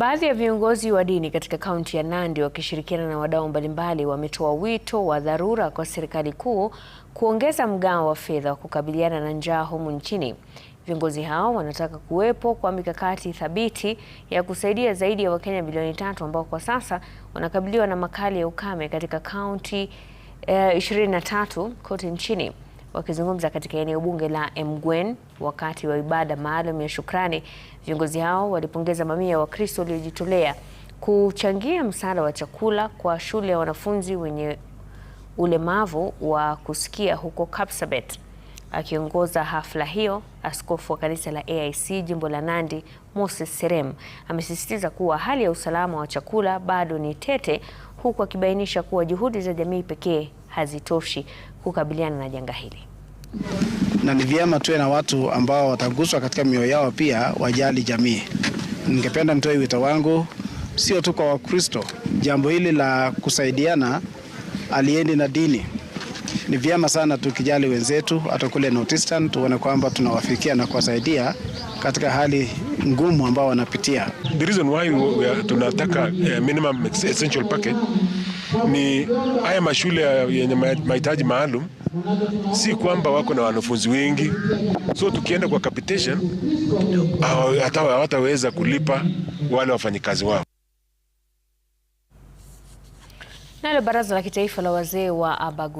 Baadhi ya viongozi wa dini katika kaunti ya Nandi wakishirikiana na wadau mbalimbali wametoa wito wa dharura kwa serikali kuu kuongeza mgao wa fedha wa kukabiliana na njaa humu nchini. Viongozi hao wanataka kuwepo kwa mikakati thabiti ya kusaidia zaidi ya Wakenya bilioni tatu ambao kwa sasa wanakabiliwa na makali ya ukame katika kaunti eh, 23 kote nchini. Wakizungumza katika eneo bunge la Mgwen wakati wa ibada maalum ya shukrani, viongozi hao walipongeza mamia wa Kristo waliojitolea kuchangia msaada wa chakula kwa shule ya wanafunzi wenye ulemavu wa kusikia huko Kapsabet. Akiongoza hafla hiyo, askofu wa kanisa la AIC jimbo la Nandi, Moses Serem, amesisitiza kuwa hali ya usalama wa chakula bado ni tete, huku akibainisha kuwa juhudi za jamii pekee hazitoshi kukabiliana na janga hili. Na ni vyema tuwe na watu ambao wataguswa katika mioyo yao, pia wajali jamii. Ningependa nitoe wito wangu sio tu kwa Wakristo, jambo hili la kusaidiana aliendi na dini. Ni vyema sana tukijali wenzetu, hata kule North Eastern tuone kwamba tunawafikia na kuwasaidia katika hali ngumu ambao wanapitia. The reason why we are, tunataka uh, minimum essential package ni haya mashule yenye mahitaji maalum, si kwamba wako na wanafunzi wengi, so tukienda kwa capitation hata hawataweza kulipa wale wafanyikazi wao. Nalo baraza la kitaifa la wazee wa Abagu